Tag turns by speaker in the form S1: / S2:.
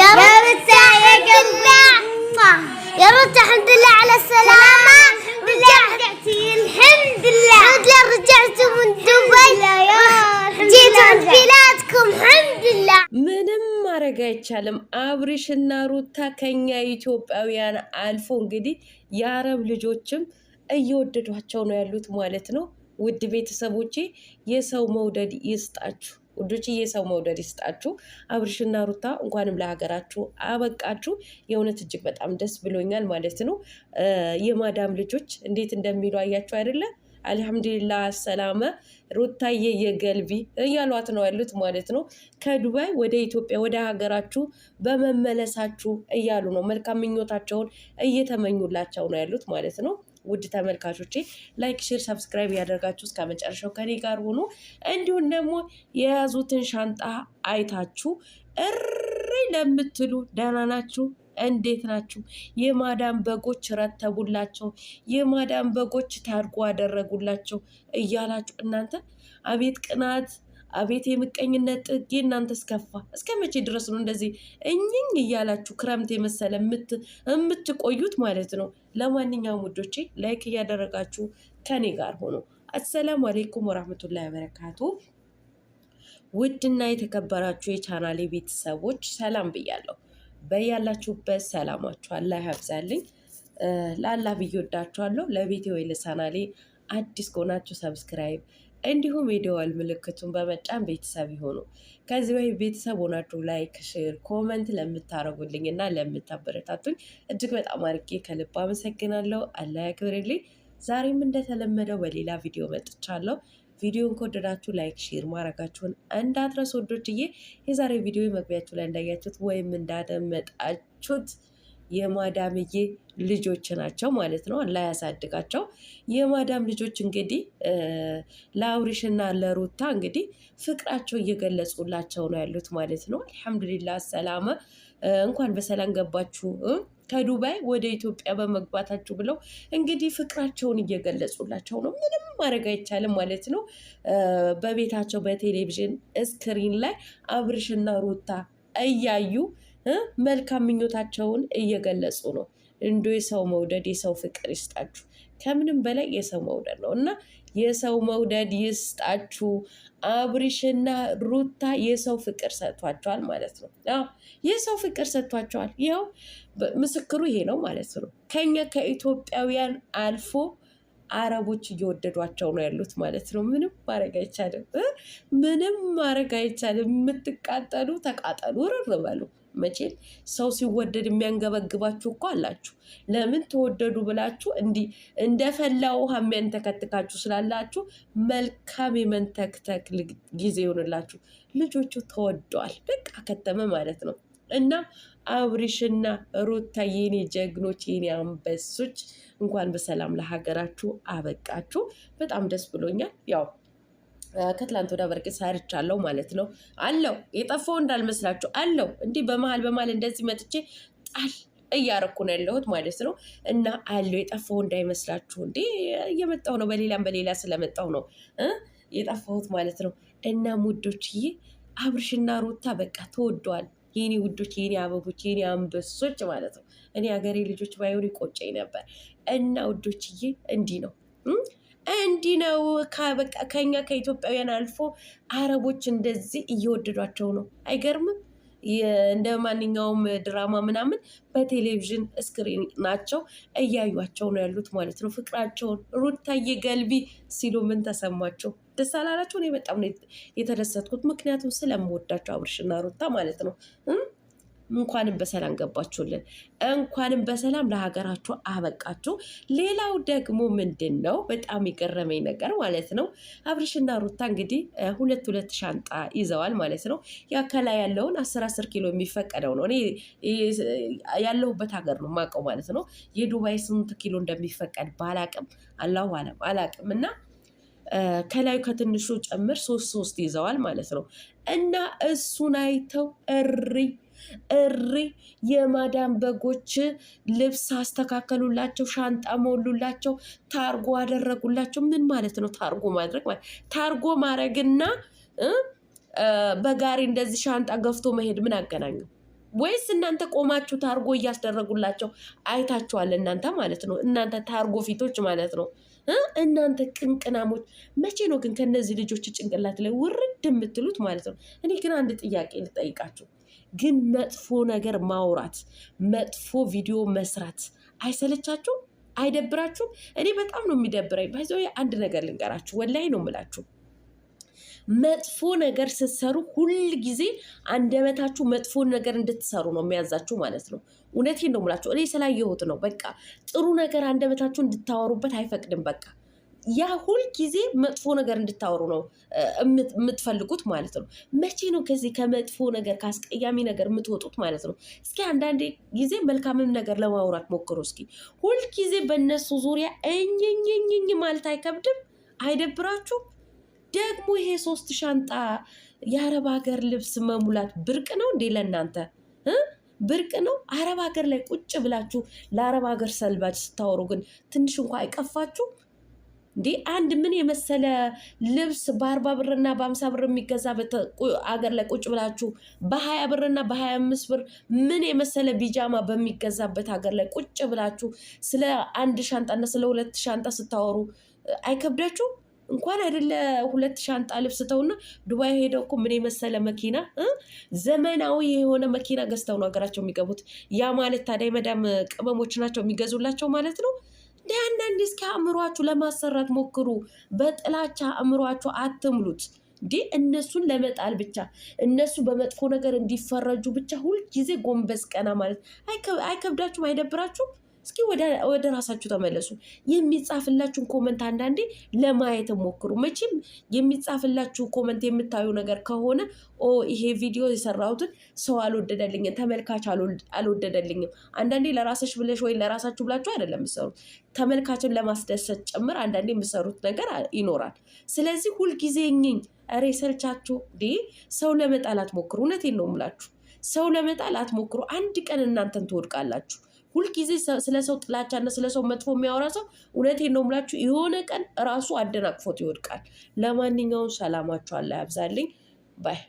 S1: يا رب يا الله يا رب الحمد لله على السلامة رجعتي الحمد لله الحمد لله رجعت من دبي جيت عند بلادكم
S2: الحمد لله ምንም ማድረግ አይቻልም። አብሪሽና ሩታ ከኛ ኢትዮጵያውያን አልፎ እንግዲህ የአረብ ልጆችም እየወደዷቸው ነው ያሉት ማለት ነው። ውድ ቤተሰቦቼ የሰው መውደድ ይስጣችሁ። ውዶች የሰው መውደድ ይስጣችሁ። አብርሽና ሩታ እንኳንም ለሀገራችሁ አበቃችሁ። የእውነት እጅግ በጣም ደስ ብሎኛል ማለት ነው። የማዳም ልጆች እንዴት እንደሚሉ አያችሁ አይደለ? አልሐምዱሊላ ሰላመ ሩታዬ የገልቢ እያሏት ነው ያሉት ማለት ነው። ከዱባይ ወደ ኢትዮጵያ ወደ ሀገራችሁ በመመለሳችሁ እያሉ ነው መልካም ምኞታቸውን እየተመኙላቸው ነው ያሉት ማለት ነው። ውድ ተመልካቾቼ ላይክ፣ ሼር፣ ሰብስክራይብ ያደርጋችሁ እስከ መጨረሻው ከኔ ጋር ሆኖ እንዲሁም ደግሞ የያዙትን ሻንጣ አይታችሁ እሪ ለምትሉ ደህና ናችሁ? እንዴት ናችሁ? የማዳም በጎች ረተቡላቸው፣ የማዳም በጎች ታርጎ አደረጉላቸው እያላችሁ እናንተ አቤት ቅናት አቤት የምቀኝነት ጥጌ እናንተ ስከፋ እስከ መቼ ድረስ ነው እንደዚህ እኝኝ እያላችሁ ክረምት የመሰለ የምትቆዩት ማለት ነው? ለማንኛውም ውዶቼ ላይክ እያደረጋችሁ ከኔ ጋር ሆኖ አሰላሙ አሌይኩም ወራህመቱላሂ ወበረካቱ። ውድና የተከበራችሁ የቻናሌ ቤተሰቦች ሰላም ብያለሁ። በያላችሁበት ሰላማችሁ አላህ ያብዛልኝ። ለአላህ ብዬ ወዳችኋለሁ። ለቤቴ ወይ ለቻናሌ አዲስ ከሆናችሁ ሰብስክራይብ እንዲሁም የደወል ምልክቱን በመጫን ቤተሰብ ይሆኑ። ከዚህ በፊት ቤተሰብ ሆናችሁ ላይክ፣ ሼር፣ ኮመንት ለምታደርጉልኝ እና ለምታበረታቱኝ እጅግ በጣም አርጌ ከልብ አመሰግናለሁ። አላህ ያክብርልኝ። ዛሬም እንደተለመደው በሌላ ቪዲዮ መጥቻለሁ። ቪዲዮን ከወደዳችሁ ላይክ ሼር ማድረጋችሁን እንዳትረሱ ወዶችዬ። የዛሬ ቪዲዮ መግቢያችሁ ላይ እንዳያችሁት ወይም እንዳደመጣችሁት የማዳምዬ ልጆች ናቸው ማለት ነው። አላህ ያሳድጋቸው። የማዳም ልጆች እንግዲህ ለአውሪሽና ለሩታ እንግዲህ ፍቅራቸው እየገለጹላቸው ነው ያሉት ማለት ነው። አልሐምዱሊላ ሰላመ እንኳን በሰላም ገባችሁ ከዱባይ ወደ ኢትዮጵያ በመግባታችሁ ብለው እንግዲህ ፍቅራቸውን እየገለጹላቸው ነው። ምንም ማድረግ አይቻልም ማለት ነው። በቤታቸው በቴሌቪዥን ስክሪን ላይ አብርሽና ሩታ እያዩ መልካም ምኞታቸውን እየገለጹ ነው። እንዶ የሰው መውደድ የሰው ፍቅር ይስጣችሁ። ከምንም በላይ የሰው መውደድ ነው እና የሰው መውደድ ይስጣችሁ። አብሪሽና ሩታ የሰው ፍቅር ሰጥቷቸዋል ማለት ነው። የሰው ፍቅር ሰጥቷቸዋል። ይኸው ምስክሩ ይሄ ነው ማለት ነው። ከኛ ከኢትዮጵያውያን አልፎ አረቦች እየወደዷቸው ነው ያሉት ማለት ነው። ምንም ማድረግ አይቻልም። ምንም ማድረግ አይቻልም። የምትቃጠሉ ተቃጠሉ፣ ርር በሉ። መቼም ሰው ሲወደድ የሚያንገበግባችሁ እኮ አላችሁ። ለምን ተወደዱ ብላችሁ እንዲህ እንደፈላ ውሃ የሚያንተከትካችሁ ስላላችሁ መልካም የመንተክተክ ጊዜ ይሆንላችሁ። ልጆቹ ተወደዋል፣ በቃ ከተመ ማለት ነው። እና አብሪሽና ሩታ የኔ ጀግኖች የኔ አንበሶች እንኳን በሰላም ለሀገራችሁ አበቃችሁ። በጣም ደስ ብሎኛል ያው ከትላንት ወደ በርቅ ሰርቻለሁ ማለት ነው አለው። የጠፋው እንዳልመስላችሁ አለው። እንዲህ በመሀል በመሀል እንደዚህ መጥቼ ጣል እያረኩ ነው ያለሁት ማለት ነው። እና አለው የጠፋው እንዳይመስላችሁ። እንዴ እየመጣው ነው፣ በሌላም በሌላ ስለመጣው ነው የጠፋሁት ማለት ነው። እናም ውዶችዬ አብርሽና ሩታ በቃ ተወደዋል። የኔ ውዶች፣ የኔ አበቦች፣ የኔ አንበሶች ማለት ነው። እኔ ሀገሬ ልጆች ባይሆን ይቆጨኝ ነበር። እና ውዶችዬ እንዲህ ነው። እንዲህ ነው። ከኛ ከኢትዮጵያውያን አልፎ አረቦች እንደዚህ እየወደዷቸው ነው። አይገርምም? እንደ ማንኛውም ድራማ ምናምን በቴሌቪዥን ስክሪን ናቸው እያዩቸው ነው ያሉት ማለት ነው። ፍቅራቸውን ሩታዬ ገልቢ ሲሉ ምን ተሰማቸው? ደስ አላላቸው? እኔ በጣም ነው የተደሰትኩት፣ ምክንያቱም ስለምወዳቸው አብርሽና ሩታ ማለት ነው። እንኳንም በሰላም ገባችሁልን፣ እንኳንም በሰላም ለሀገራችሁ አበቃችሁ። ሌላው ደግሞ ምንድን ነው በጣም የገረመኝ ነገር ማለት ነው አብርሽና ሩታ እንግዲህ ሁለት ሁለት ሻንጣ ይዘዋል ማለት ነው። ያ ከላይ ያለውን አስር አስር ኪሎ የሚፈቀደው ነው። እኔ ያለሁበት ሀገር ነው ማቀው ማለት ነው። የዱባይ ስንት ኪሎ እንደሚፈቀድ ባላቅም አላሁ አላቅም እና ከላዩ ከትንሹ ጨምር ሶስት ሶስት ይዘዋል ማለት ነው። እና እሱን አይተው እሪ እሪ የማዳም በጎች ልብስ አስተካከሉላቸው፣ ሻንጣ ሞሉላቸው፣ ታርጎ አደረጉላቸው። ምን ማለት ነው ታርጎ ማድረግ ማለት? ታርጎ ማድረግና በጋሪ እንደዚህ ሻንጣ ገፍቶ መሄድ ምን አገናኘው? ወይስ እናንተ ቆማችሁ ታርጎ እያስደረጉላቸው አይታችኋል? እናንተ ማለት ነው እናንተ ታርጎ ፊቶች ማለት ነው እናንተ ቅንቅናሞች። መቼ ነው ግን ከነዚህ ልጆች ጭንቅላት ላይ ውርድ የምትሉት ማለት ነው? እኔ ግን አንድ ጥያቄ ልጠይቃችሁ። ግን መጥፎ ነገር ማውራት፣ መጥፎ ቪዲዮ መስራት አይሰለቻችሁም? አይደብራችሁም? እኔ በጣም ነው የሚደብረኝ። ባይዘ አንድ ነገር ልንገራችሁ፣ ወላይ ነው የምላችሁ መጥፎ ነገር ስትሰሩ ሁል ጊዜ አንደበታችሁ መጥፎ ነገር እንድትሰሩ ነው የሚያዛችሁ ማለት ነው። እውነቴን ነው የምላችሁ። እኔ ስላየሁት ነው። በቃ ጥሩ ነገር አንደበታችሁ እንድታወሩበት አይፈቅድም። በቃ ያ ሁል ጊዜ መጥፎ ነገር እንድታወሩ ነው የምትፈልጉት ማለት ነው። መቼ ነው ከዚህ ከመጥፎ ነገር ከአስቀያሚ ነገር የምትወጡት ማለት ነው? እስኪ አንዳንድ ጊዜ መልካምም ነገር ለማውራት ሞክሩ። እስኪ ሁል ጊዜ በእነሱ ዙሪያ እኝኝኝኝ ማለት አይከብድም? አይደብራችሁ? ደግሞ ይሄ ሶስት ሻንጣ የአረብ ሀገር ልብስ መሙላት ብርቅ ነው እንዴ ለእናንተ ብርቅ ነው? አረብ ሀገር ላይ ቁጭ ብላችሁ ለአረብ ሀገር ሰልባጅ ስታወሩ ግን ትንሽ እንኳ አይቀፋችሁ እንዴ? አንድ ምን የመሰለ ልብስ በአርባ ብርና በአምሳ ብር የሚገዛ አገር ላይ ቁጭ ብላችሁ በሀያ ብርና በሀያ አምስት ብር ምን የመሰለ ቢጃማ በሚገዛበት ሀገር ላይ ቁጭ ብላችሁ ስለ አንድ ሻንጣና ስለ ሁለት ሻንጣ ስታወሩ አይከብዳችሁ? እንኳን አይደለ ሁለት ሻንጣ ልብስ ተውና ዱባይ ሄደው እኮ ምን የመሰለ መኪና ዘመናዊ የሆነ መኪና ገዝተው ነው ሀገራቸው የሚገቡት። ያ ማለት ታዲያ መዳም ቅመሞች ናቸው የሚገዙላቸው ማለት ነው። እንደ አንዳንድ እስኪ አእምሯችሁ ለማሰራት ሞክሩ። በጥላቻ አእምሯችሁ አትምሉት። እንዴ እነሱን ለመጣል ብቻ እነሱ በመጥፎ ነገር እንዲፈረጁ ብቻ ሁልጊዜ ጎንበስ ቀና ማለት አይከብዳችሁም? አይደብራችሁም? እስኪ ወደ ራሳችሁ ተመለሱ። የሚጻፍላችሁን ኮመንት አንዳንዴ ለማየት ሞክሩ። መቼም የሚጻፍላችሁ ኮመንት የምታዩ ነገር ከሆነ ኦ ይሄ ቪዲዮ የሰራሁትን ሰው አልወደደልኝም፣ ተመልካች አልወደደልኝም። አንዳንዴ ለራስሽ ብለሽ ወይ ለራሳችሁ ብላችሁ አይደለም የምሰሩት፣ ተመልካችን ለማስደሰት ጭምር አንዳንዴ የምሰሩት ነገር ይኖራል። ስለዚህ ሁልጊዜ እኝኝ ሬሰርቻችሁ ዴ ሰው ለመጣል አትሞክሩ። እውነቴን ነው የምላችሁ፣ ሰው ለመጣል አትሞክሩ። አንድ ቀን እናንተን ትወድቃላችሁ። ሁልጊዜ ስለ ሰው ጥላቻና ስለ ሰው መጥፎ የሚያወራ ሰው እውነት ነው የምላችሁ የሆነ ቀን ራሱ አደናቅፎት ይወድቃል። ለማንኛውም ሰላማችሁ ያብዛልኝ ባይ